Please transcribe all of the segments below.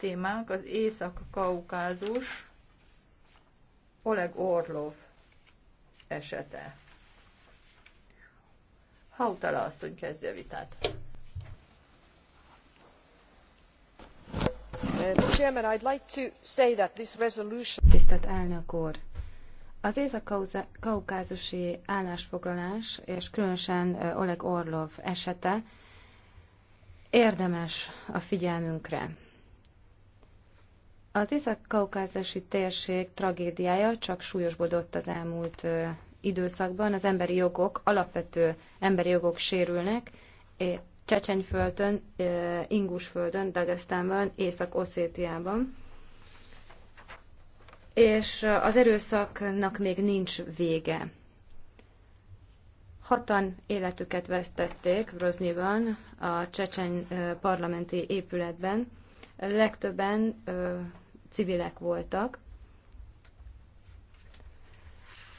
témánk az Észak-Kaukázus Oleg Orlov esete. Hautala asszony kezdje a vitát. Uh, Tisztelt elnök úr! Az észak-kaukázusi állásfoglalás, és különösen uh, Oleg Orlov esete érdemes a figyelmünkre. Az észak-kaukázási térség tragédiája csak súlyosbodott az elmúlt időszakban. Az emberi jogok, alapvető emberi jogok sérülnek. Csecsenyföldön, Ingusföldön, Dagestánban, Észak-Oszétiában. És az erőszaknak még nincs vége. Hatan életüket vesztették Groznyban, a Csecseny parlamenti épületben legtöbben ö, civilek voltak.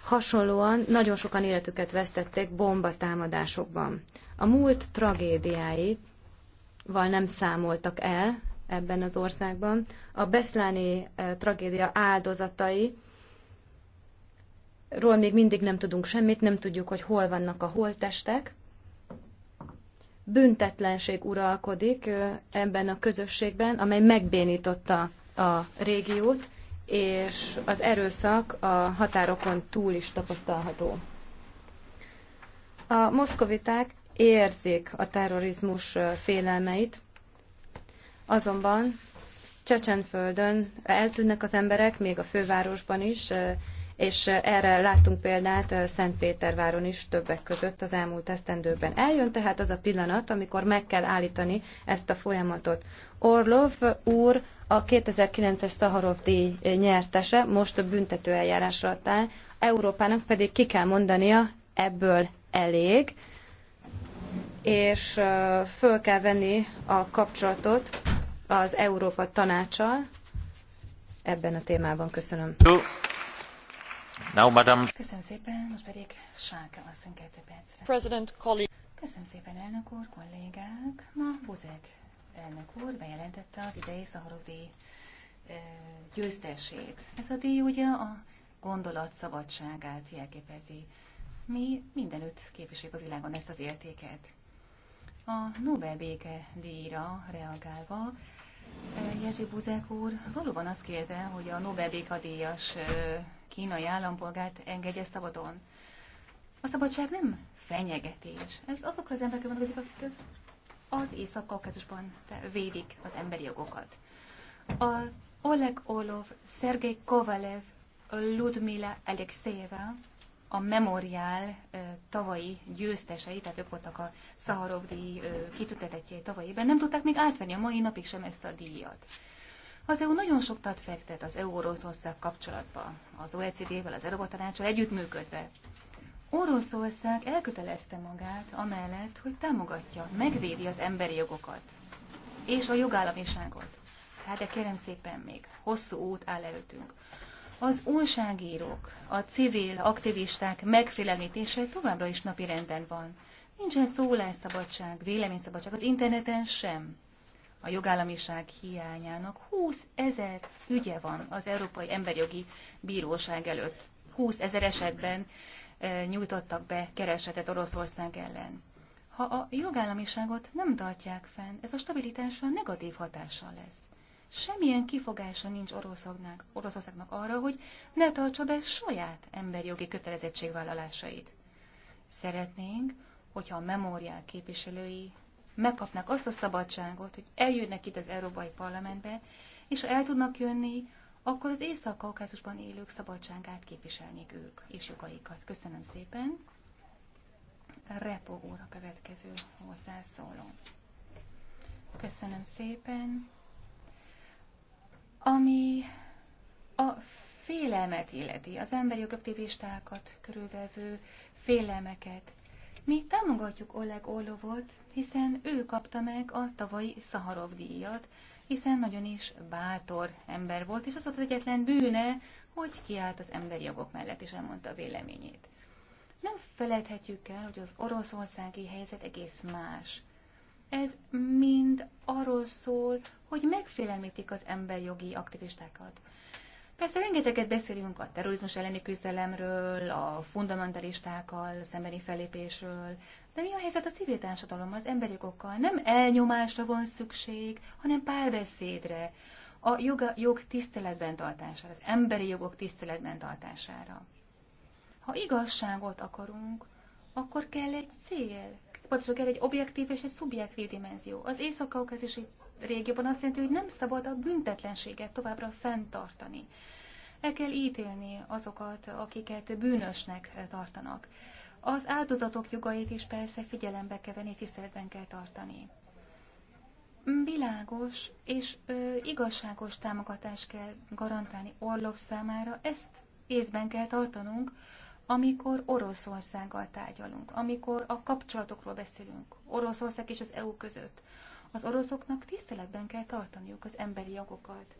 Hasonlóan nagyon sokan életüket vesztették bombatámadásokban. A múlt tragédiáival val nem számoltak el ebben az országban. A beszláni tragédia áldozatai ról még mindig nem tudunk semmit, nem tudjuk, hogy hol vannak a holttestek büntetlenség uralkodik ebben a közösségben, amely megbénította a régiót, és az erőszak a határokon túl is tapasztalható. A moszkoviták érzik a terrorizmus félelmeit, azonban Csecsenföldön eltűnnek az emberek, még a fővárosban is és erre láttunk példát Szentpéterváron is többek között az elmúlt esztendőben. Eljön tehát az a pillanat, amikor meg kell állítani ezt a folyamatot. Orlov úr a 2009-es Szaharov díj nyertese, most a büntető eljárásra áll, Európának pedig ki kell mondania, ebből elég, és föl kell venni a kapcsolatot az Európa tanácsal ebben a témában. Köszönöm. Köszönöm szépen, most pedig Sáka asszony kettő percre. President, Köszönöm szépen, elnök úr, kollégák. Ma Buzek elnök úr bejelentette az idei Szaharov díj győztesét. Ez a díj ugye a gondolat szabadságát jelképezi. Mi mindenütt képviseljük a világon ezt az értéket. A Nobel béke díjra reagálva Jezsi Buzek úr valóban azt kérte, hogy a Nobel béka díjas kínai állampolgárt engedje szabadon. A szabadság nem fenyegetés. Ez azokra az emberekre vonatkozik, akik az, az Észak-Kaukázusban védik az emberi jogokat. A Oleg Olov, Szergej Kovalev, Ludmila Alexeyeva, a memoriál tavalyi győztesei, tehát ők voltak a Szaharovdi kitüntetettjei tavalyi nem tudták még átvenni a mai napig sem ezt a díjat. Az EU nagyon sokat fektet az EU Oroszország kapcsolatba, az OECD-vel, az Európa Tanácsal együttműködve. Oroszország elkötelezte magát amellett, hogy támogatja, megvédi az emberi jogokat és a jogállamiságot. Hát de kérem szépen még, hosszú út áll előttünk. Az újságírók, a civil aktivisták megfélemlítése továbbra is napi renden van. Nincsen szólásszabadság, véleményszabadság, az interneten sem a jogállamiság hiányának 20 ezer ügye van az Európai Emberjogi Bíróság előtt. 20 ezer esetben e, nyújtottak be keresetet Oroszország ellen. Ha a jogállamiságot nem tartják fenn, ez a stabilitásra negatív hatással lesz. Semmilyen kifogása nincs Oroszországnak, Oroszországnak arra, hogy ne tartsa be saját emberjogi kötelezettségvállalásait. Szeretnénk, hogyha a memóriák képviselői megkapnak azt a szabadságot, hogy eljönnek itt az Európai Parlamentbe, és ha el tudnak jönni, akkor az Észak-Kaukázusban élők szabadságát képviselnék ők és jogaikat. Köszönöm szépen. Repo óra következő hozzászóló. Köszönöm szépen. Ami a félelmet illeti, az emberi jogaktivistákat körülvevő félelmeket, mi támogatjuk Oleg Olovot, hiszen ő kapta meg a tavalyi Szaharov díjat, hiszen nagyon is bátor ember volt, és az volt az egyetlen bűne, hogy kiállt az emberi jogok mellett, és elmondta a véleményét. Nem feledhetjük el, hogy az oroszországi helyzet egész más. Ez mind arról szól, hogy megfélemlítik az emberjogi aktivistákat. Persze rengeteget beszélünk a terrorizmus elleni küzdelemről, a fundamentalistákkal szembeni fellépésről, de mi a helyzet a civil társadalom, az emberi jogokkal? Nem elnyomásra van szükség, hanem párbeszédre, a joga, jog tiszteletben tartására, az emberi jogok tiszteletben tartására. Ha igazságot akarunk, akkor kell egy cél. Pontosan kell egy objektív és egy szubjektív dimenzió. Az észak is egy régióban azt jelenti, hogy nem szabad a büntetlenséget továbbra fenntartani. El kell ítélni azokat, akiket bűnösnek tartanak. Az áldozatok jogait is persze figyelembe kell venni, tiszteletben kell tartani. Világos és ö, igazságos támogatást kell garantálni Orlov számára, ezt észben kell tartanunk, amikor Oroszországgal tárgyalunk, amikor a kapcsolatokról beszélünk, Oroszország és az EU között, az oroszoknak tiszteletben kell tartaniuk az emberi jogokat.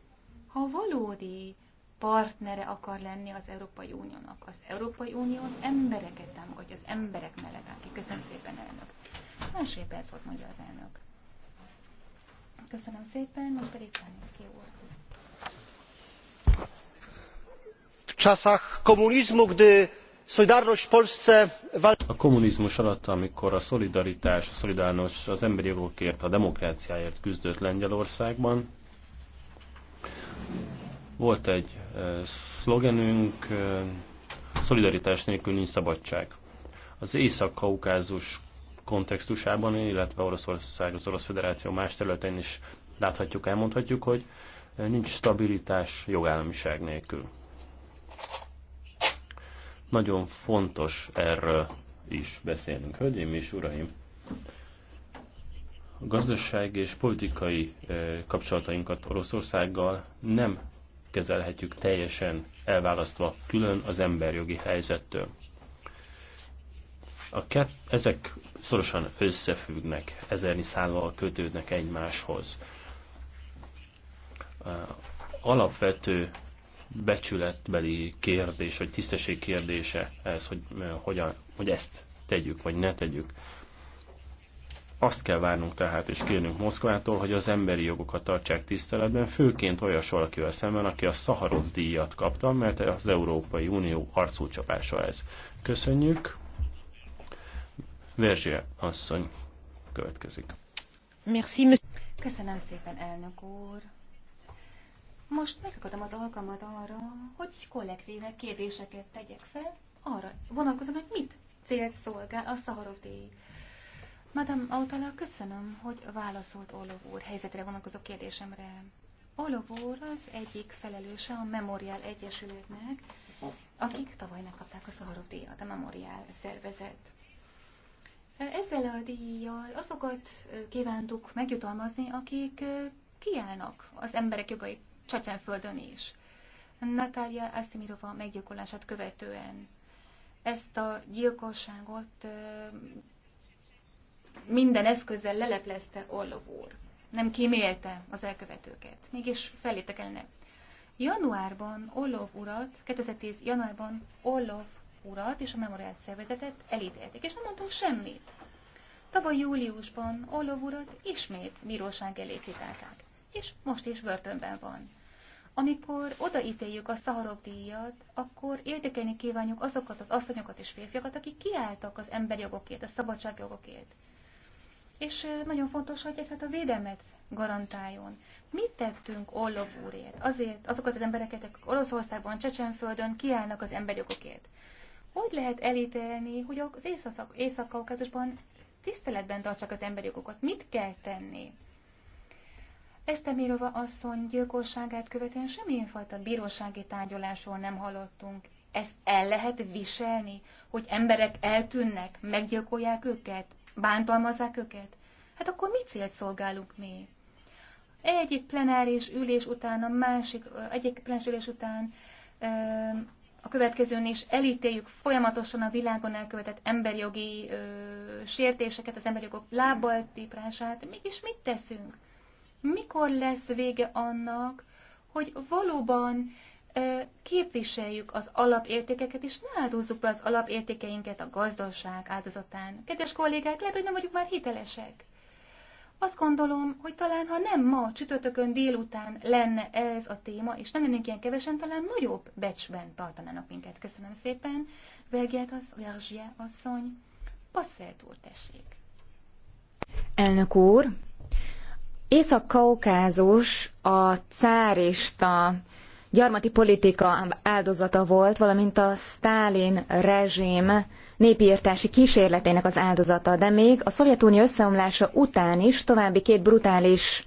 Ha valódi partnere akar lenni az Európai Uniónak, az Európai Unió az embereket támogatja, az emberek mellett áll ki. Köszönöm szépen, elnök. Másfél perc volt, mondja az elnök. Köszönöm szépen, most pedig Kányiszki úr. W czasach komunizmu, gdy a kommunizmus alatt, amikor a szolidaritás, a szolidárnos az emberi jogokért, a demokráciáért küzdött Lengyelországban, volt egy szlogenünk, szolidaritás nélkül nincs szabadság. Az Észak-Kaukázus kontextusában, illetve Oroszország, az Orosz Föderáció más területén is láthatjuk, elmondhatjuk, hogy nincs stabilitás jogállamiság nélkül. Nagyon fontos erről is beszélnünk. Hölgyeim és uraim, a gazdaság és politikai eh, kapcsolatainkat Oroszországgal nem kezelhetjük teljesen elválasztva külön az emberjogi helyzettől. A kett, ezek szorosan összefüggnek, ezerni szállal kötődnek egymáshoz. Eh, alapvető becsületbeli kérdés, vagy tisztesség kérdése ez, hogy, eh, a, hogy ezt tegyük, vagy ne tegyük. Azt kell várnunk tehát, és kérnünk Moszkvától, hogy az emberi jogokat tartsák tiszteletben, főként olyas valakivel szemben, aki a Szaharov díjat kapta, mert az Európai Unió csapása ez. Köszönjük. Verzsia asszony következik. Merci, Köszönöm szépen, elnök úr. Most megakadom az alkalmat arra, hogy kollektíve kérdéseket tegyek fel, arra vonatkozom, hogy mit célt szolgál a szaharoté. Madame Autala, köszönöm, hogy válaszolt Olov úr helyzetre vonatkozó kérdésemre. Olov úr az egyik felelőse a Memorial Egyesületnek, akik tavaly megkapták a Szaharov díjat, a Memorial szervezet. Ezzel a díjjal azokat kívántuk megjutalmazni, akik kiállnak az emberek jogait. Csecsenföldön is. Natália Asimirova meggyilkolását követően ezt a gyilkosságot minden eszközzel leleplezte Orlov úr. Nem kímélte az elkövetőket, mégis felléptek elne. Januárban Orlov urat, 2010. januárban Orlov urat és a memoriál szervezetet elítélték, és nem mondtunk semmit. Tavaly júliusban Orlov urat ismét bíróság elé citálták, és most is börtönben van. Amikor odaítéljük a Szaharov díjat, akkor értékelni kívánjuk azokat az asszonyokat és férfiakat, akik kiálltak az emberjogokért, a szabadságjogokért. És nagyon fontos, hogy egyfajta védelmet garantáljon. Mit tettünk Orlov úrért? Azért azokat az embereket, akik Oroszországban, Csecsenföldön kiállnak az emberjogokért. Hogy lehet elítélni, hogy az Észak-Kaukázusban tiszteletben tartsák az emberjogokat? Mit kell tenni? Esztemirova asszony gyilkosságát követően semmilyen fajta bírósági tárgyalásról nem hallottunk. Ezt el lehet viselni, hogy emberek eltűnnek, meggyilkolják őket, bántalmazzák őket? Hát akkor mi célt szolgálunk mi? Egyik plenáris ülés után, a másik, egyik plenáris ülés után a következőn is elítéljük folyamatosan a világon elkövetett emberjogi sértéseket, az emberjogok lábbal tiprását, mégis mit teszünk? Mikor lesz vége annak, hogy valóban képviseljük az alapértékeket, és ne áldozzuk be az alapértékeinket a gazdaság áldozatán. Kedves kollégák, lehet, hogy nem vagyunk már hitelesek. Azt gondolom, hogy talán, ha nem ma, csütörtökön délután lenne ez a téma, és nem lennénk ilyen kevesen, talán nagyobb becsben tartanának minket. Köszönöm szépen. Vergiát az, Verzsie asszony. Passzelt úr, tessék. Elnök úr, Észak-Kaukázus a cárista gyarmati politika áldozata volt, valamint a Sztálin rezsim népírtási kísérletének az áldozata, de még a Szovjetunió összeomlása után is további két brutális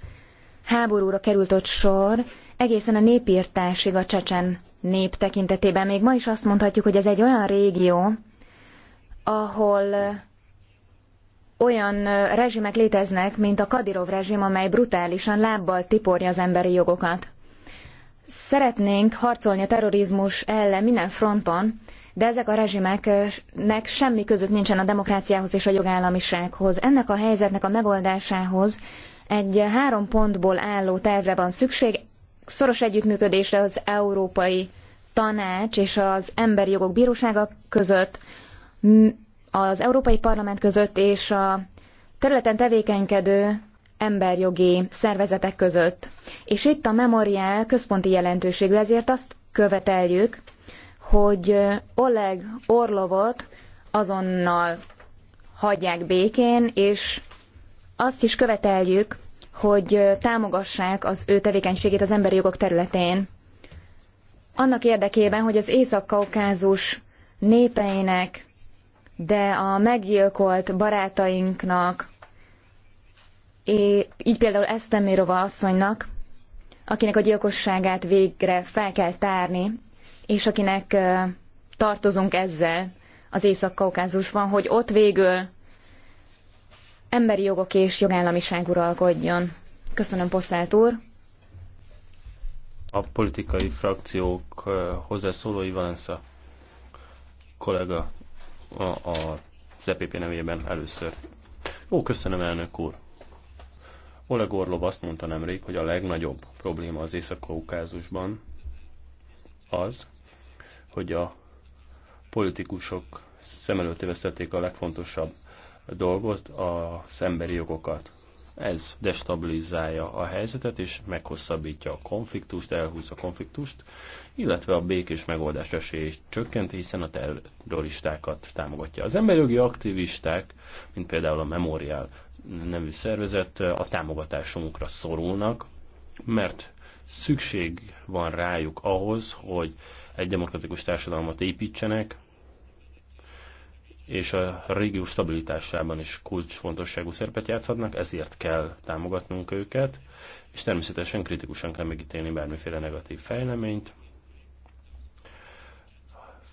háborúra került ott sor, egészen a népírtásig a csecsen nép tekintetében. Még ma is azt mondhatjuk, hogy ez egy olyan régió, ahol olyan rezsimek léteznek, mint a Kadirov rezsim, amely brutálisan lábbal tiporja az emberi jogokat. Szeretnénk harcolni a terrorizmus ellen minden fronton, de ezek a rezsimeknek semmi közük nincsen a demokráciához és a jogállamisághoz. Ennek a helyzetnek a megoldásához egy három pontból álló tervre van szükség, szoros együttműködésre az Európai Tanács és az Emberi Jogok Bírósága között, az Európai Parlament között és a területen tevékenykedő emberjogi szervezetek között. És itt a memoriál központi jelentőségű, ezért azt követeljük, hogy Oleg Orlovot azonnal hagyják békén, és azt is követeljük, hogy támogassák az ő tevékenységét az emberi jogok területén. Annak érdekében, hogy az Észak-Kaukázus népeinek de a meggyilkolt barátainknak, így például Esztemirova asszonynak, akinek a gyilkosságát végre fel kell tárni, és akinek tartozunk ezzel az Észak-Kaukázusban, hogy ott végül emberi jogok és jogállamiság uralkodjon. Köszönöm, Posszát úr! A politikai frakciók hozzászólói Valensza kollega a, a az EPP nevében először. Jó, köszönöm elnök úr. Oleg Orlov azt mondta nemrég, hogy a legnagyobb probléma az Észak-Kaukázusban az, hogy a politikusok szem előtt vesztették a legfontosabb dolgot, az emberi jogokat. Ez destabilizálja a helyzetet, és meghosszabbítja a konfliktust, elhúzza a konfliktust, illetve a békés megoldás esélyét csökkent, hiszen a terroristákat támogatja. Az emberjogi aktivisták, mint például a Memorial nevű szervezet, a támogatásunkra szorulnak, mert szükség van rájuk ahhoz, hogy egy demokratikus társadalmat építsenek, és a régió stabilitásában is kulcsfontosságú szerepet játszhatnak, ezért kell támogatnunk őket, és természetesen kritikusan kell megítélni bármiféle negatív fejleményt.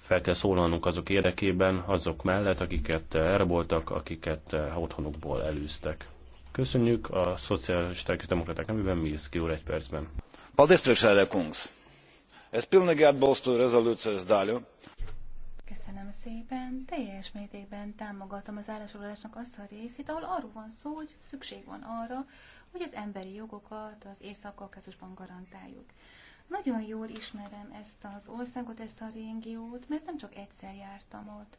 Fel kell szólalnunk azok érdekében, azok mellett, akiket elraboltak, akiket otthonukból elűztek. Köszönjük a szocialisták és demokraták nevében, is úr egy percben. Paldies, priekšsēdēkungs! Es pilnīgi atbalstu rezolūcijas daļu, Köszönöm szépen. Teljes mértékben támogatom az állásfoglalásnak azt a részét, ahol arról van szó, hogy szükség van arra, hogy az emberi jogokat az Észak-Kaukázusban garantáljuk. Nagyon jól ismerem ezt az országot, ezt a régiót, mert nem csak egyszer jártam ott.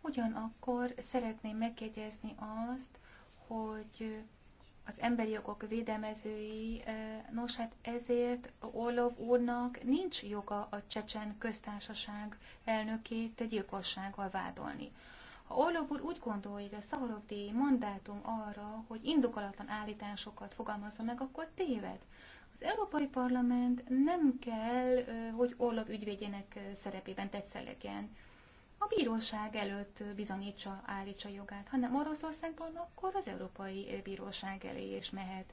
Ugyanakkor szeretném megjegyezni azt, hogy az emberi jogok védelmezői, e, nos hát ezért Orlov úrnak nincs joga a Csecsen köztársaság elnökét gyilkossággal vádolni. Ha Orlov úr úgy gondolja, hogy a Szahorov díj mandátum arra, hogy indokolatlan állításokat fogalmazza meg, akkor téved. Az Európai Parlament nem kell, e, hogy Orlov ügyvédjének e, szerepében tetszelegjen a bíróság előtt bizonyítsa, állítsa jogát, hanem Oroszországban akkor az Európai Bíróság elé is mehet.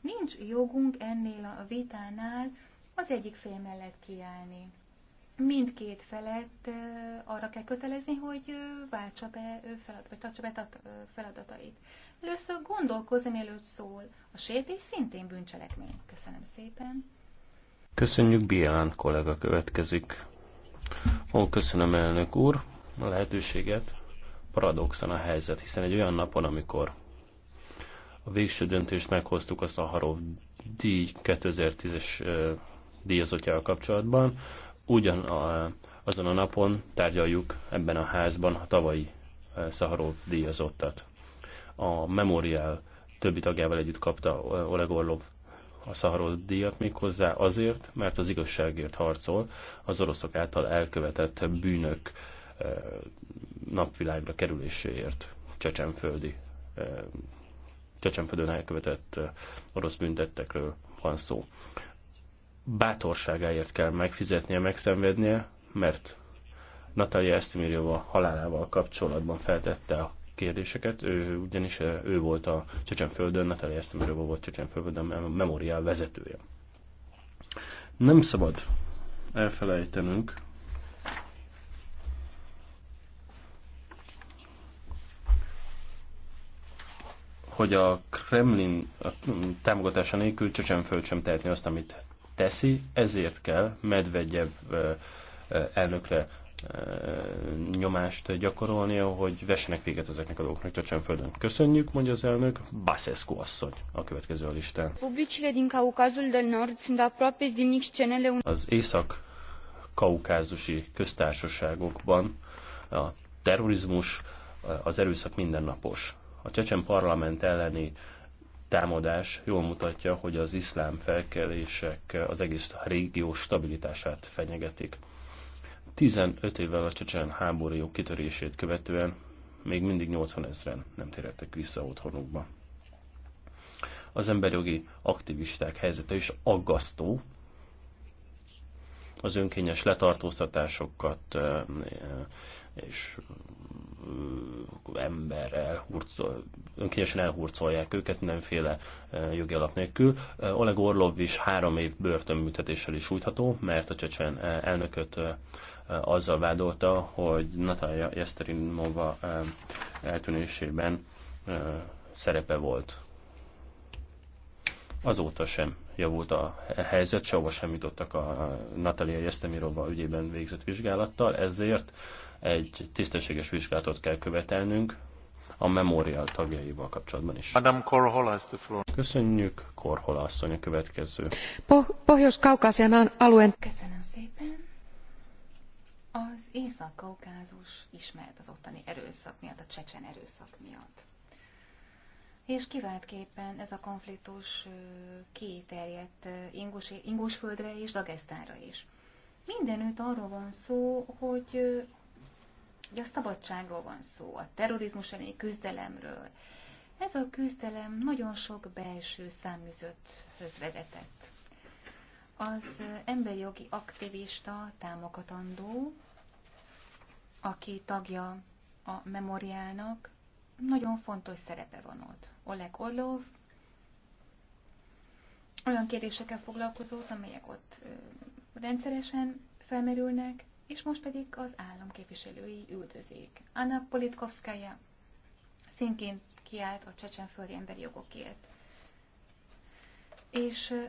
Nincs jogunk ennél a vitánál az egyik fél mellett kiállni. Mindkét felett arra kell kötelezni, hogy váltsa be feladat, vagy tartsa be feladatait. Először gondolkozom, mielőtt szól. A sértés szintén bűncselekmény. Köszönöm szépen. Köszönjük, Bielán kollega következik. Ó, köszönöm elnök úr a lehetőséget. Paradoxon a helyzet, hiszen egy olyan napon, amikor a végső döntést meghoztuk a Szaharov díj 2010-es díjazottjával kapcsolatban, ugyan a, azon a napon tárgyaljuk ebben a házban a tavalyi Szaharov díjazottat. A Memorial többi tagjával együtt kapta Oleg Orlov a Szaharov díjat méghozzá azért, mert az igazságért harcol az oroszok által elkövetett bűnök eh, napvilágra kerüléséért csecsenföldi eh, Csecsenföldön elkövetett eh, orosz büntettekről van szó. Bátorságáért kell megfizetnie, megszenvednie, mert Natalia Estimirjova halálával kapcsolatban feltette a kérdéseket, ő ugyanis eh, ő volt a Csecsenföldön, Natalia Esztemerőva volt Csecsenföldön a memoriál vezetője. Nem szabad elfelejtenünk, hogy a Kremlin támogatása nélkül Csecsenföld sem tehetni azt, amit teszi, ezért kell Medvegyev eh, eh, elnökre nyomást gyakorolnia, hogy vessenek véget ezeknek a dolgoknak Csecsenföldön. Köszönjük, mondja az elnök, Basescu asszony a következő a listán. Az észak-kaukázusi köztársaságokban a terrorizmus, az erőszak mindennapos. A csecsen parlament elleni támadás jól mutatja, hogy az iszlám felkelések az egész régió stabilitását fenyegetik. 15 évvel a Csecsen háború kitörését követően még mindig 80 ezeren nem térhettek vissza otthonukba. Az emberjogi aktivisták helyzete is aggasztó. Az önkényes letartóztatásokat és ember elhurcol, önkényesen elhurcolják őket mindenféle jogi alap nélkül. Oleg Orlov is három év börtönbüntetéssel is sújtható, mert a csecsen elnököt Eh, azzal vádolta, hogy Natalia Jesterinova eh, eltűnésében eh, szerepe volt. Azóta sem javult a helyzet, sehova sem jutottak a Natalia Jesztemirova ügyében végzett vizsgálattal, ezért egy tisztességes vizsgálatot kell követelnünk a memorial tagjaival kapcsolatban is. Adam Korhola has the floor. Köszönjük, Korhola asszony a következő. Po- Pohjois-Kaukasian alueen... Köszönöm szépen. Észak-Kaukázus ismert az ottani erőszak miatt, a csecsen erőszak miatt. És kiváltképpen ez a konfliktus kiterjedt Ingus, Ingusföldre és Dagestánra is. Mindenütt arról van szó, hogy, hogy a szabadságról van szó, a terrorizmus elleni küzdelemről. Ez a küzdelem nagyon sok belső száműzötthöz vezetett. Az emberi jogi aktivista támogatandó, aki tagja a memoriálnak, nagyon fontos szerepe van ott. Oleg Orlov olyan kérdésekkel foglalkozott, amelyek ott rendszeresen felmerülnek, és most pedig az állam képviselői üldözik. Anna Politkovskaya szintén kiállt a csecsenföldi emberi jogokért. És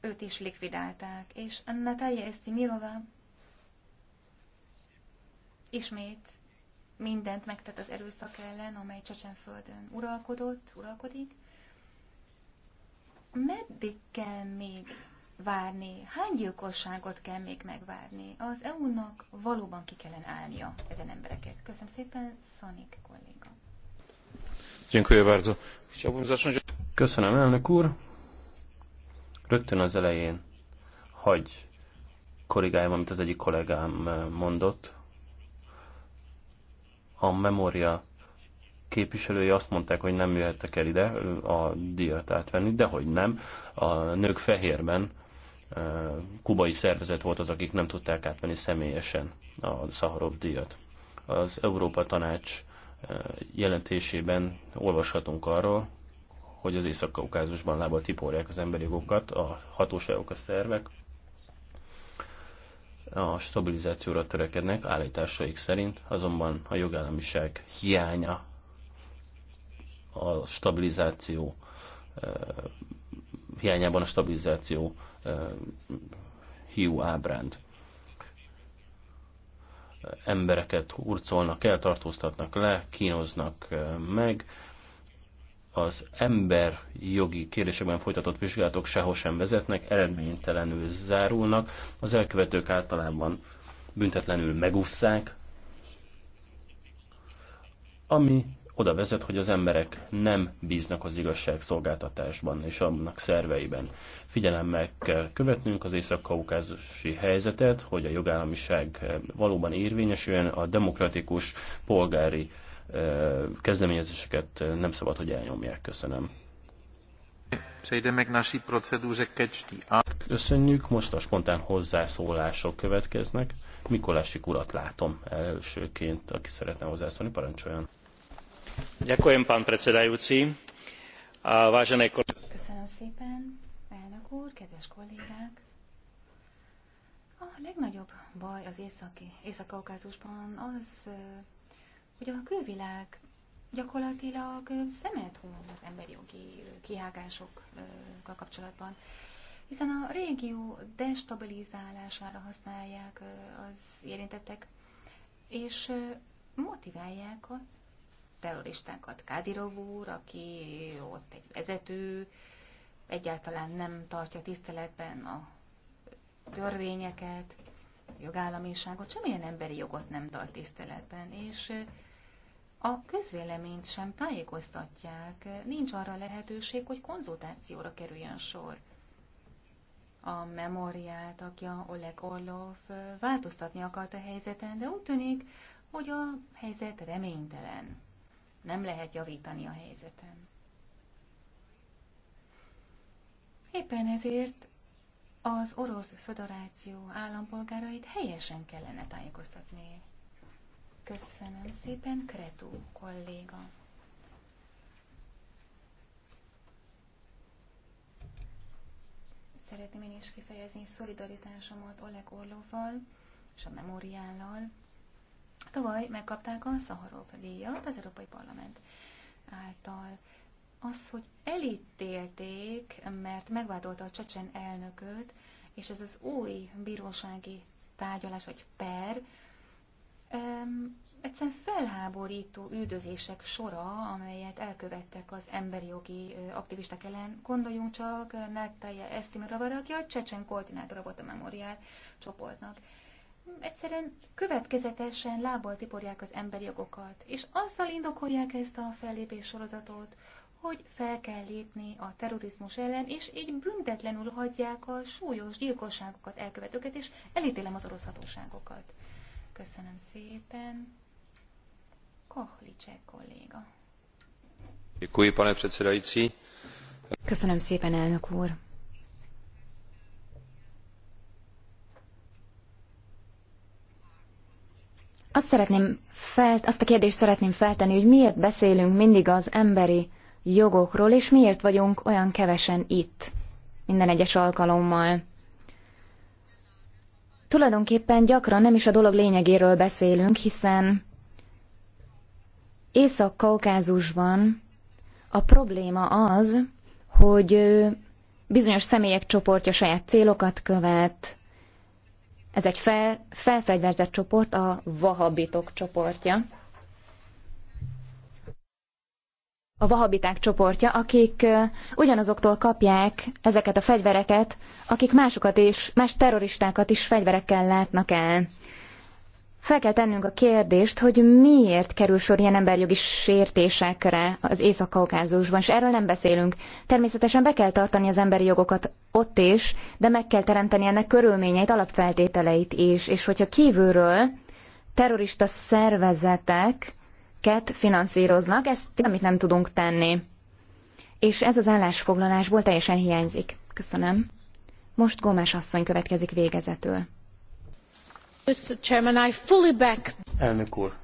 őt is likvidálták, és Natalia Estimirova Ismét mindent megtett az erőszak ellen, amely Csecsenföldön uralkodott, uralkodik. Meddig kell még várni? Hány gyilkosságot kell még megvárni? Az EU-nak valóban ki kellene állnia ezen embereket. Köszönöm szépen, Szanik kolléga. Köszönöm, elnök úr. Rögtön az elején hagy korrigáljam, amit az egyik kollégám eh, mondott, a memória képviselői azt mondták, hogy nem jöhettek el ide a díjat átvenni, de hogy nem. A nők fehérben kubai szervezet volt az, akik nem tudták átvenni személyesen a Szaharov díjat. Az Európa Tanács jelentésében olvashatunk arról, hogy az Észak-Kaukázusban lába tiporják az emberi jogokat, a hatóságok, a szervek, a stabilizációra törekednek állításaik szerint, azonban a jogállamiság hiánya a stabilizáció hiányában a stabilizáció hiú ábránd. Embereket hurcolnak, eltartóztatnak le, kínoznak meg, az ember jogi kérdésekben folytatott vizsgálatok sehol sem vezetnek, eredménytelenül zárulnak, az elkövetők általában büntetlenül megúszszák, ami oda vezet, hogy az emberek nem bíznak az igazságszolgáltatásban és annak szerveiben. Figyelemmel kell követnünk az észak-kaukázusi helyzetet, hogy a jogállamiság valóban érvényesüljön, a demokratikus polgári kezdeményezéseket nem szabad, hogy elnyomják. Köszönöm. Köszönjük, most a spontán hozzászólások következnek. Mikolási urat látom elsőként, aki szeretne hozzászólni, parancsoljon. Ďakujem, pán predsedajúci. Vážené Köszönöm szépen, elnök úr, kedves kollégák. A legnagyobb baj az Északi, Észak-Kaukázusban az hogy a külvilág gyakorlatilag szemet hull az emberi jogi kihágásokkal kapcsolatban, hiszen a régió destabilizálására használják az érintettek, és motiválják a terroristákat. Kádirov úr, aki ott egy vezető, egyáltalán nem tartja tiszteletben a törvényeket, jogállamiságot, semmilyen emberi jogot nem tart tiszteletben, és a közvéleményt sem tájékoztatják, nincs arra lehetőség, hogy konzultációra kerüljön sor. A memóriát, akja Oleg Orlov változtatni akart a helyzeten, de úgy tűnik, hogy a helyzet reménytelen. Nem lehet javítani a helyzeten. Éppen ezért az Orosz Föderáció állampolgárait helyesen kellene tájékoztatni. Köszönöm szépen, Kretú kolléga. Szeretném én is kifejezni szolidaritásomat Oleg Orlóval és a Memoriállal. Tavaly megkapták a Szaharov díjat az Európai Parlament által. Az, hogy elítélték, mert megvádolta a csecsen elnököt, és ez az új bírósági tárgyalás vagy per, egyszerűen felháborító üldözések sora, amelyet elkövettek az emberi jogi aktivisták ellen. Gondoljunk csak Nátája Esztimiravara, aki a csecsen koordinátora volt a memoriál csoportnak. Egyszerűen következetesen lábbal tiporják az emberi jogokat, és azzal indokolják ezt a fellépés sorozatot, hogy fel kell lépni a terrorizmus ellen, és így büntetlenül hagyják a súlyos gyilkosságokat elkövetőket, és elítélem az orosz hatóságokat. Köszönöm szépen. Kohlicek kolléga. Děkuji, pane předsedající. Köszönöm szépen, elnök úr. Azt, szeretném felt, azt a kérdést szeretném feltenni, hogy miért beszélünk mindig az emberi jogokról, és miért vagyunk olyan kevesen itt minden egyes alkalommal. Tulajdonképpen gyakran nem is a dolog lényegéről beszélünk, hiszen Észak-Kaukázusban a probléma az, hogy bizonyos személyek csoportja saját célokat követ, ez egy fel, felfegyverzett csoport, a vahabitok csoportja. a vahabiták csoportja, akik ugyanazoktól kapják ezeket a fegyvereket, akik másokat is, más terroristákat is fegyverekkel látnak el. Fel kell tennünk a kérdést, hogy miért kerül sor ilyen emberjogi sértésekre az Észak-Kaukázusban, és erről nem beszélünk. Természetesen be kell tartani az emberi jogokat ott is, de meg kell teremteni ennek körülményeit, alapfeltételeit is, és hogyha kívülről terrorista szervezetek ket finanszíroznak, ezt amit nem tudunk tenni. És ez az állásfoglalásból teljesen hiányzik. Köszönöm. Most Gómás asszony következik végezetül. Mr. Chairman, I fully back... Elnök úr,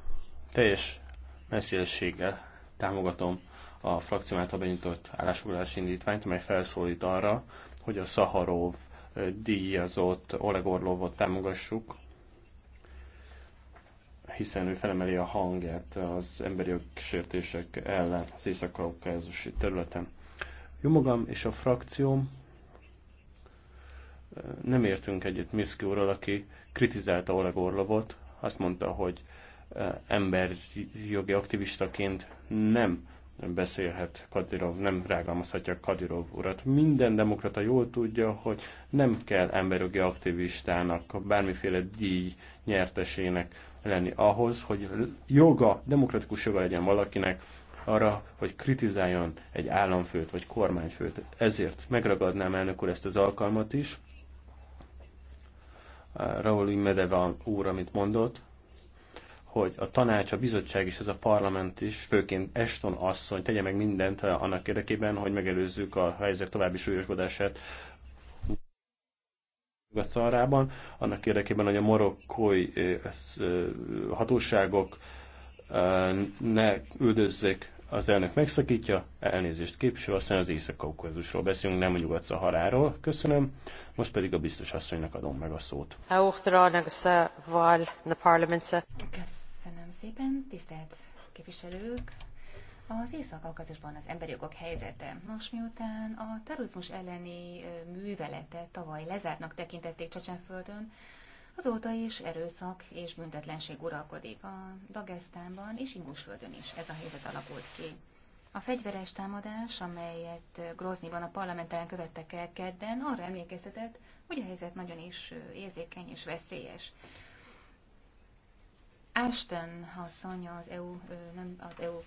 teljes messzélességgel támogatom a frakció által benyújtott állásfoglalási indítványt, amely felszólít arra, hogy a Szaharov eh, díjazott Oleg Orlovot támogassuk, hiszen ő felemeli a hangját az emberi sértések ellen az észak-kaukázusi területen. Jó magam és a frakcióm eh, nem értünk egyet Miszki úrral, aki kritizálta Oleg Orlovot, azt mondta, hogy eh, emberjogi aktivistaként nem beszélhet Kadirov, nem rágalmazhatja Kadirov urat. Minden demokrata jól tudja, hogy nem kell emberjogi aktivistának, bármiféle díj nyertesének lenni ahhoz, hogy joga, demokratikus joga legyen valakinek arra, hogy kritizáljon egy államfőt vagy kormányfőt. Ezért megragadnám elnök úr ezt az alkalmat is. Raúl Medeva úr, amit mondott, hogy a tanács, a bizottság és ez a parlament is, főként Eston asszony tegye meg mindent annak érdekében, hogy megelőzzük a helyzet további súlyosbodását a szarában, annak érdekében, hogy a marokkói hatóságok ne üldözzék az elnök megszakítja, elnézést képső, aztán az Észak-Kaukázusról beszélünk, nem a Nyugat-Szaharáról. Köszönöm, most pedig a biztos asszonynak adom meg a szót. Köszönöm szépen, tisztelt képviselők, az Észak-Kaukazusban az emberi jogok helyzete. Nos, miután a terrorizmus elleni művelete tavaly lezártnak tekintették Csecsenföldön, azóta is erőszak és büntetlenség uralkodik a Dagestánban és Ingusföldön is ez a helyzet alakult ki. A fegyveres támadás, amelyet Groznyban a parlamentáren követtek el kedden, arra emlékeztetett, hogy a helyzet nagyon is érzékeny és veszélyes. Ashton asszony az EU, nem, az EU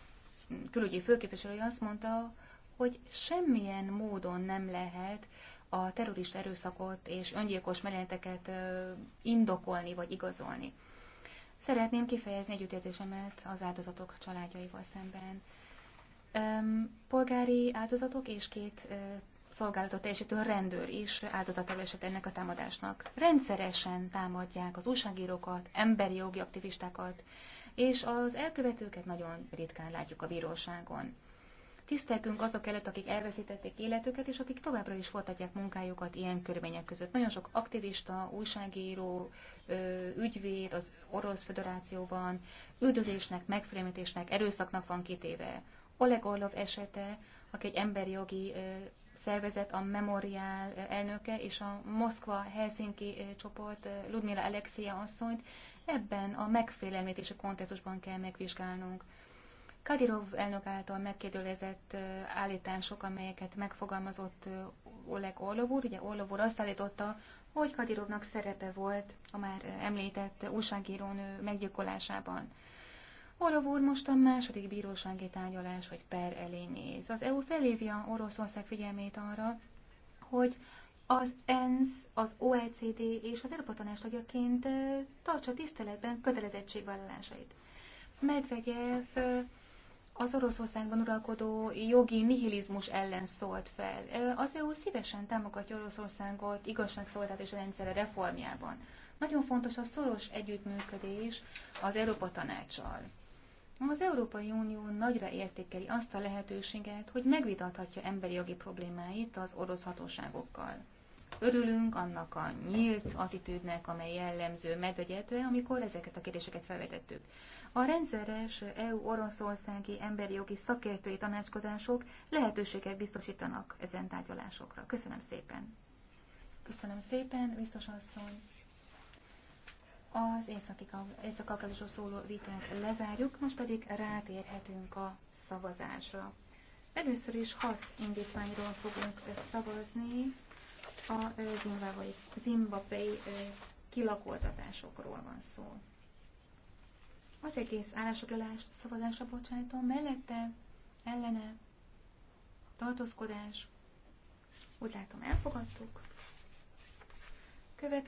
külügyi főképviselője azt mondta, hogy semmilyen módon nem lehet a terrorista erőszakot és öngyilkos merényleteket indokolni vagy igazolni. Szeretném kifejezni együttérzésemet az áldozatok családjaival szemben. Polgári áldozatok és két szolgálatot teljesítő rendőr is áldozatául esett ennek a támadásnak. Rendszeresen támadják az újságírókat, emberi jogi aktivistákat, és az elkövetőket nagyon ritkán látjuk a bíróságon. Tisztelkünk azok előtt, akik elveszítették életüket, és akik továbbra is folytatják munkájukat ilyen körülmények között. Nagyon sok aktivista, újságíró, ügyvéd az Orosz Föderációban üldözésnek, megfélemlítésnek, erőszaknak van kitéve. Oleg Orlov esete, aki egy emberjogi szervezet, a Memoriál elnöke és a Moszkva-Helsinki eh, csoport eh, Ludmila Alexia asszonyt ebben a a kontextusban kell megvizsgálnunk. Kadirov elnök által megkérdőlezett eh, állítások, amelyeket megfogalmazott Oleg Orlov úr, ugye Orlov úr azt állította, hogy Kadirovnak szerepe volt a már említett újságírónő meggyilkolásában. Orov úr most a második bírósági tárgyalás vagy per elé néz. Az EU felhívja Oroszország figyelmét arra, hogy az ENSZ, az OECD és az Európa Tanács tagjaként tartsa tiszteletben kötelezettségvállalásait. Medvegyev az Oroszországban uralkodó jogi nihilizmus ellen szólt fel. Az EU szívesen támogatja Oroszországot igazságszolgáltatási rendszere reformjában. Nagyon fontos a szoros együttműködés az Európa Tanácssal. Az Európai Unió nagyra értékeli azt a lehetőséget, hogy megvitathatja emberi jogi problémáit az orosz hatóságokkal. Örülünk annak a nyílt attitűdnek, amely jellemző medvegyetre, amikor ezeket a kérdéseket felvetettük. A rendszeres EU-Oroszországi emberi jogi szakértői tanácskozások lehetőséget biztosítanak ezen tárgyalásokra. Köszönöm szépen! Köszönöm szépen, biztos asszony! az Észak-Kaukázusról szóló vitát lezárjuk, most pedig rátérhetünk a szavazásra. Először is hat indítványról fogunk szavazni a zimbabai, zimbabai kilakoltatásokról van szó. Az egész állásfoglalást szavazásra bocsájtom, mellette, ellene, tartózkodás, úgy látom elfogadtuk. Követ